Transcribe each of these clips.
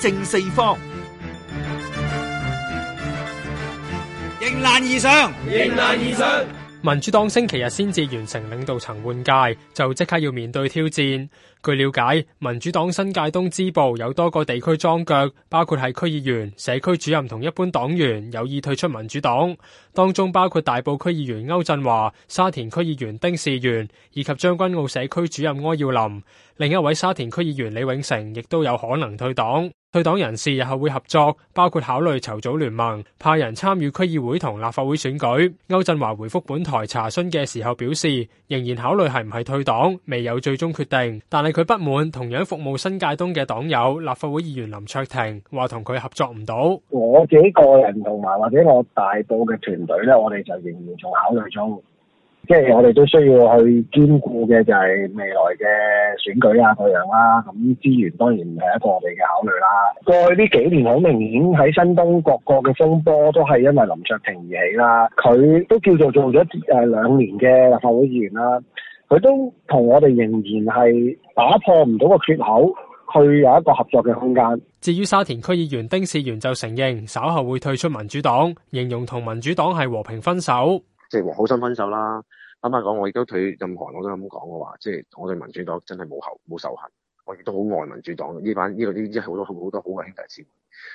正四方，迎難而上，迎難而上。民主黨星期日先至完成領導層換屆，就即刻要面對挑戰。據了解，民主黨新界東支部有多個地區樁腳，包括係區議員、社區主任同一般黨員有意退出民主黨，當中包括大埔區議員歐振華、沙田區議員丁士元以及將軍澳社區主任柯耀林。另一位沙田區議員李永成亦都有可能退黨。退黨人士日後會合作，包括考慮籌組聯盟、派人參與區議會同立法會選舉。歐振華回覆本台查詢嘅時候表示，仍然考慮係唔係退黨，未有最終決定，但係。佢不滿同樣服務新界東嘅黨友立法會議員林卓廷話同佢合作唔到。我自己個人同埋或者我大埔嘅團隊咧，我哋就仍然仲考慮中，即係我哋都需要去兼顧嘅就係未來嘅選舉啊各樣啦。咁資源當然唔係一個我哋嘅考慮啦。過去呢幾年好明顯喺新東各個嘅風波都係因為林卓廷而起啦。佢都叫做做咗誒兩年嘅立法會議員啦。佢都同我哋仍然係打破唔到個缺口，去有一個合作嘅空間。至於沙田區議員丁士元就承認稍後會退出民主黨，形容同民主黨係和平分手，即係好心分手啦。坦白講，我亦都對任何人我都咁講嘅話，即係我對民主黨真係冇後冇仇恨。我亦都好愛民主黨呢班呢個呢啲係好多好多好嘅兄弟姊妹，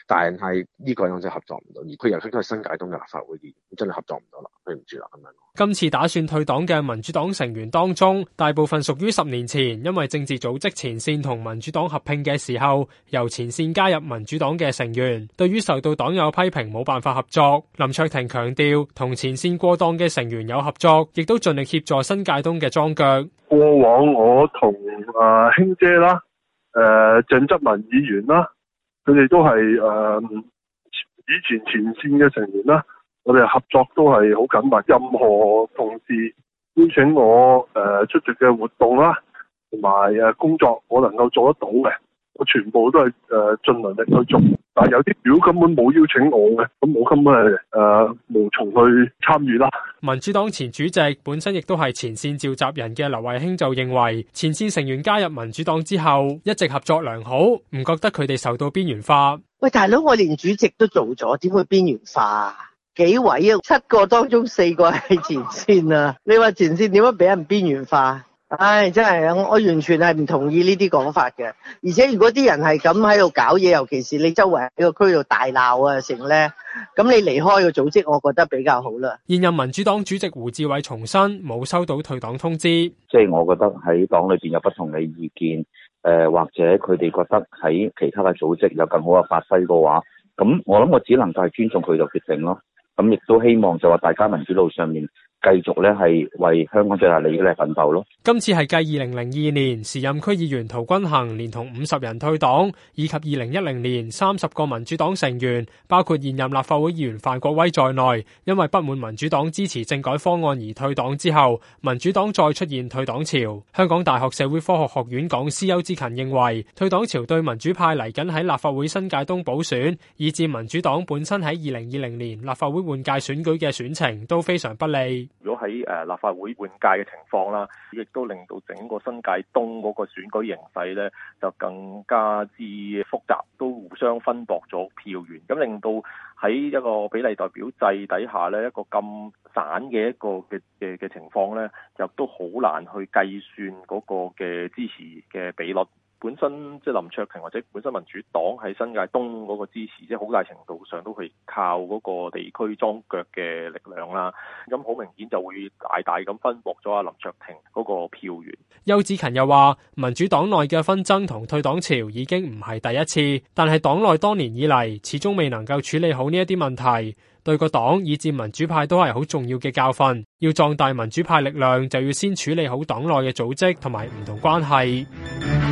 但係呢個樣就合作唔到，而佢又佢都係新界東嘅立法會議員，真係合作唔到啦，對唔住啦咁樣。今次打算退黨嘅民主黨成員當中，大部分屬於十年前因為政治組織前線同民主黨合併嘅時候，由前線加入民主黨嘅成員，對於受到黨友批評冇辦法合作。林卓廷強調，同前線過檔嘅成員有合作，亦都盡力協助新界東嘅樁腳。過往我同阿卿姐啦，誒鄭則文議員啦，佢哋都係誒、呃、以前前線嘅成員啦，我哋合作都係好緊密。任何同事邀請我誒、呃、出席嘅活動啦，同埋誒工作我能夠做得到嘅，全部都係誒盡能力去做，但係有啲表根本冇邀請我嘅，咁我根本係誒無從去參與啦。民主黨前主席本身亦都係前線召集人嘅劉慧卿就認為，前線成員加入民主黨之後一直合作良好，唔覺得佢哋受到邊緣化。喂大佬，我連主席都做咗，點會邊緣化？幾位啊？七個當中四個係前線啊！你話前線點樣俾人邊緣化？唉、哎，真係啊！我完全係唔同意呢啲講法嘅。而且如果啲人係咁喺度搞嘢，尤其是你周圍喺個區度大鬧啊，成咧，咁你離開個組織，我覺得比較好啦。現任民主黨主席胡志偉重申冇收到退黨通知。即係我覺得喺黨裏面有不同嘅意見，誒、呃、或者佢哋覺得喺其他嘅組織有更好嘅發揮嘅話，咁我諗我只能夠係尊重佢哋嘅決定咯。咁亦都希望就話大家民主路上面。繼續咧係為香港最大利益嚟奮鬥咯。今次係繼2002年時任區議員陶君行連同五十人退黨，以及2010年三十個民主黨成員，包括現任立法會議員范國威在內，因為不滿民主黨支持政改方案而退黨之後，民主黨再出現退黨潮。香港大學社會科學學院講師邱志勤認為，退黨潮對民主派嚟緊喺立法會新界東補選，以至民主黨本身喺2020年立法會換屆選舉嘅選情都非常不利。如果喺誒立法會換屆嘅情況啦，亦都令到整個新界東嗰個選舉形勢咧，就更加之複雜，都互相分薄咗票源，咁令到喺一個比例代表制底下咧，一個咁散嘅一個嘅嘅嘅情況咧，又都好難去計算嗰個嘅支持嘅比率。本身即係林卓廷或者本身民主黨喺新界東嗰個支持，即係好大程度上都係靠嗰個地區裝腳嘅力量啦。咁好明顯就會大大咁分薄咗阿林卓廷嗰個票源。邱子勤又話：民主黨內嘅紛爭同退黨潮已經唔係第一次，但係黨內多年以嚟始終未能夠處理好呢一啲問題，對個黨以至民主派都係好重要嘅教訓。要壯大民主派力量，就要先處理好黨內嘅組織同埋唔同關係。